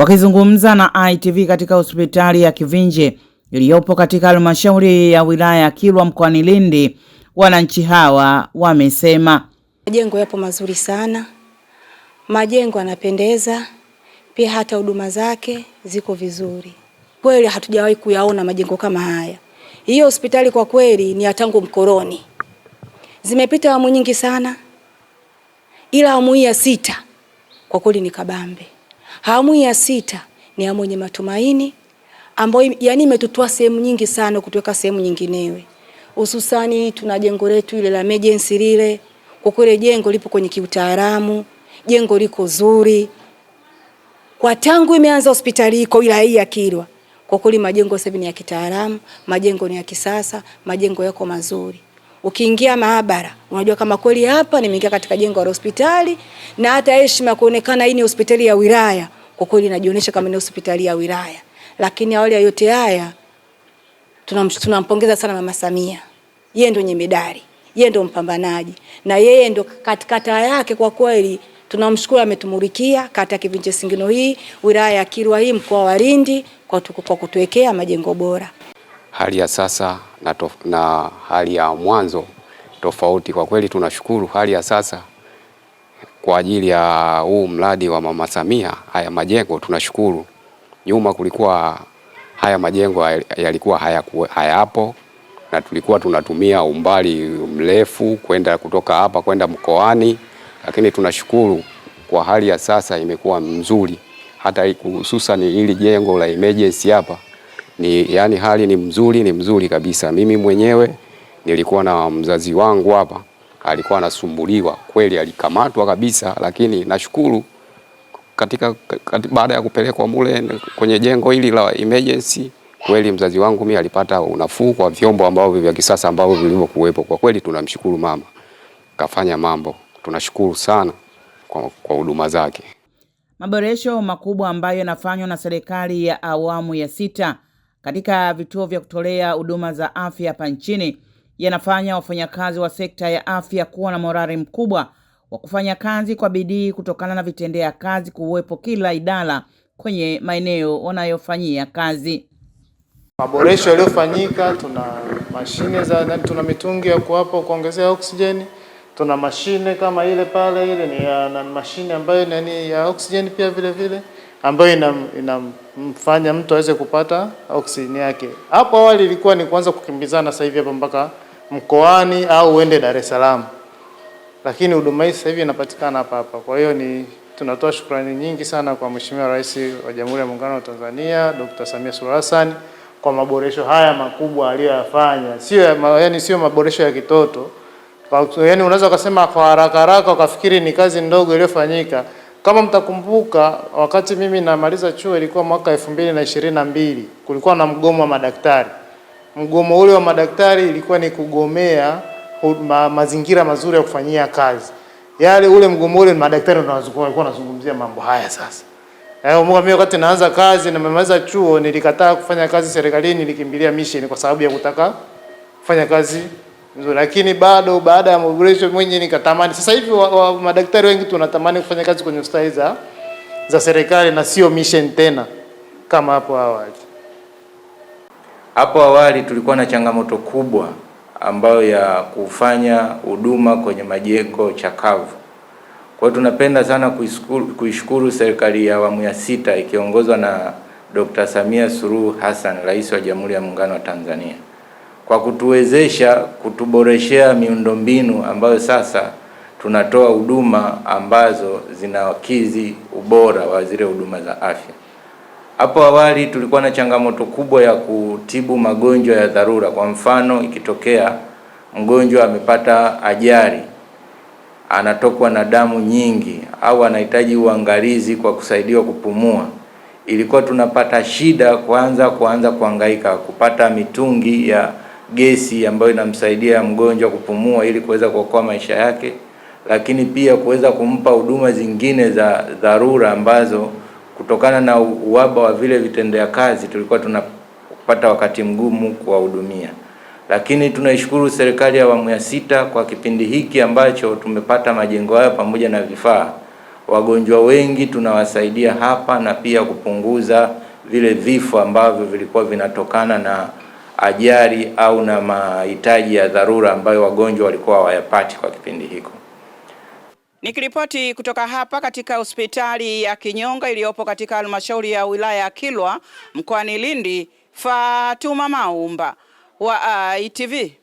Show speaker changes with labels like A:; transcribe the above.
A: Wakizungumza na ITV katika hospitali ya Kivinje iliyopo katika halmashauri ya wilaya ya Kilwa mkoani Lindi, wananchi hawa wamesema
B: majengo yapo mazuri sana, majengo yanapendeza, pia hata huduma zake ziko vizuri. Kweli hatujawahi kuyaona majengo kama haya. Hiyo hospitali kwa kweli ni ya tangu mkoroni, zimepita awamu nyingi sana, ila awamu hii ya sita kwa kweli ni kabambe. Hamu ya sita ni hamu yenye matumaini ambayo yani imetutoa sehemu nyingi sana kutoka sehemu nyinginewe, hususani tuna jengo letu ile la emergency lile. Kwa kweli jengo lipo kwenye kiutaalamu, jengo liko zuri kwa tangu imeanza hospitali iko ila hii ya Kilwa, kwa kweli majengo sasa ni ya kitaalamu, majengo ni ya kisasa, majengo yako mazuri. Ukiingia maabara unajua kama kweli hapa nimeingia katika jengo la hospitali, na hata heshima kuonekana hii ni hospitali ya wilaya, kwa kweli inajionyesha kama ni hospitali ya wilaya. Lakini awali ya yote haya, tunampongeza sana Mama Samia, yeye ndo nyemedari, yeye ndo mpambanaji, na yeye ndo katika taa yake, kwa kweli tunamshukuru ametumurikia kata ya Kivinje Singino hii wilaya ya Kilwa hii mkoa wa Lindi kwa kutuwekea majengo bora
C: hali ya sasa na, tof, na hali ya mwanzo tofauti. Kwa kweli tunashukuru hali ya sasa kwa ajili ya huu mradi wa Mama Samia, haya majengo tunashukuru. Nyuma kulikuwa haya majengo yalikuwa hayapo na tulikuwa tunatumia umbali mrefu kwenda kutoka hapa kwenda mkoani, lakini tunashukuru kwa hali ya sasa imekuwa mzuri, hata hususan hili jengo la emergency hapa ni, yani hali ni mzuri, ni mzuri kabisa. Mimi mwenyewe nilikuwa na mzazi wangu hapa alikuwa anasumbuliwa kweli, alikamatwa kabisa, lakini nashukuru katika, katika, baada ya kupelekwa mule kwenye jengo hili la emergency kweli mzazi wangu mimi alipata unafuu kwa vyombo ambavyo vya kisasa ambavyo vilivyokuwepo. Kwa kweli tunamshukuru mama, kafanya mambo, tunashukuru sana kwa huduma zake.
A: Maboresho makubwa ambayo yanafanywa na serikali ya awamu ya sita katika vituo vya kutolea huduma za afya hapa nchini yanafanya wafanyakazi wa sekta ya afya kuwa na morari mkubwa wa kufanya kazi kwa bidii kutokana na vitendea kazi kuwepo kila idara kwenye maeneo wanayofanyia kazi.
D: Maboresho yaliyofanyika, tuna mashine za, tuna mitungi ya kuwapa kuongezea oksijeni tuna mashine kama ile pale, ile ni ya, na mashine ambayo nani ya oxygen pia vile vile ambayo inamfanya mtu aweze kupata oksijeni yake. Hapo awali ilikuwa ni kuanza kukimbizana, sasa hivi hapa mpaka mkoani au uende Dar es Salaam, lakini huduma hii sasa hivi inapatikana hapa hapa. Kwa hiyo ni tunatoa shukrani nyingi sana kwa Mheshimiwa Rais wa Jamhuri ya Muungano wa Tanzania Dr. Samia Suluhu Hassan kwa maboresho haya makubwa aliyoyafanya, sio yaani, sio maboresho ya kitoto yaani unaweza ukasema kwa haraka haraka ukafikiri ni kazi ndogo iliyofanyika. Kama mtakumbuka, wakati mimi namaliza chuo ilikuwa mwaka elfu mbili na ishirini na mbili kulikuwa na mgomo wa madaktari. Mgomo ule wa madaktari ilikuwa ni kugomea ma, mazingira mazuri ya kufanyia kazi yale. Ule mgomo ule madaktari walikuwa wanazungumzia mambo haya sasa eh, mimi wakati naanza kazi nimemaliza chuo, nilikataa kufanya kazi serikalini, nilikimbilia misheni kwa sababu ya kutaka kufanya kazi Mzuri, lakini bado baada ya maboresho mwenye nikatamani. Sasa hivi wa, wa, madaktari wengi tunatamani kufanya kazi kwenye hospitali za za serikali na sio mission tena kama hapo awali.
E: Hapo awali tulikuwa na changamoto kubwa ambayo ya kufanya huduma kwenye majengo chakavu. Kwa hiyo tunapenda sana kuishukuru serikali ya awamu ya sita ikiongozwa na Dr. Samia Suluhu Hassan, Rais wa Jamhuri ya Muungano wa Tanzania kwa kutuwezesha kutuboreshea miundombinu ambayo sasa tunatoa huduma ambazo zinakidhi ubora wa zile huduma za afya. Hapo awali tulikuwa na changamoto kubwa ya kutibu magonjwa ya dharura. Kwa mfano, ikitokea mgonjwa amepata ajali, anatokwa na damu nyingi au anahitaji uangalizi kwa kusaidiwa kupumua, ilikuwa tunapata shida kwanza kuanza kuhangaika kupata mitungi ya gesi ambayo inamsaidia mgonjwa kupumua ili kuweza kuokoa maisha yake, lakini pia kuweza kumpa huduma zingine za dharura ambazo kutokana na uhaba wa vile vitendea kazi tulikuwa tunapata wakati mgumu kuwahudumia. Lakini tunaishukuru serikali ya awamu ya sita kwa kipindi hiki ambacho tumepata majengo hayo pamoja na vifaa, wagonjwa wengi tunawasaidia hapa na pia kupunguza vile vifo ambavyo vilikuwa vinatokana na ajali au na mahitaji ya dharura ambayo wagonjwa walikuwa hawayapati kwa kipindi hiko.
A: Nikiripoti kutoka hapa katika hospitali ya Kinyonga iliyopo katika halmashauri ya wilaya ya Kilwa mkoani Lindi, Fatuma Maumba wa uh, ITV.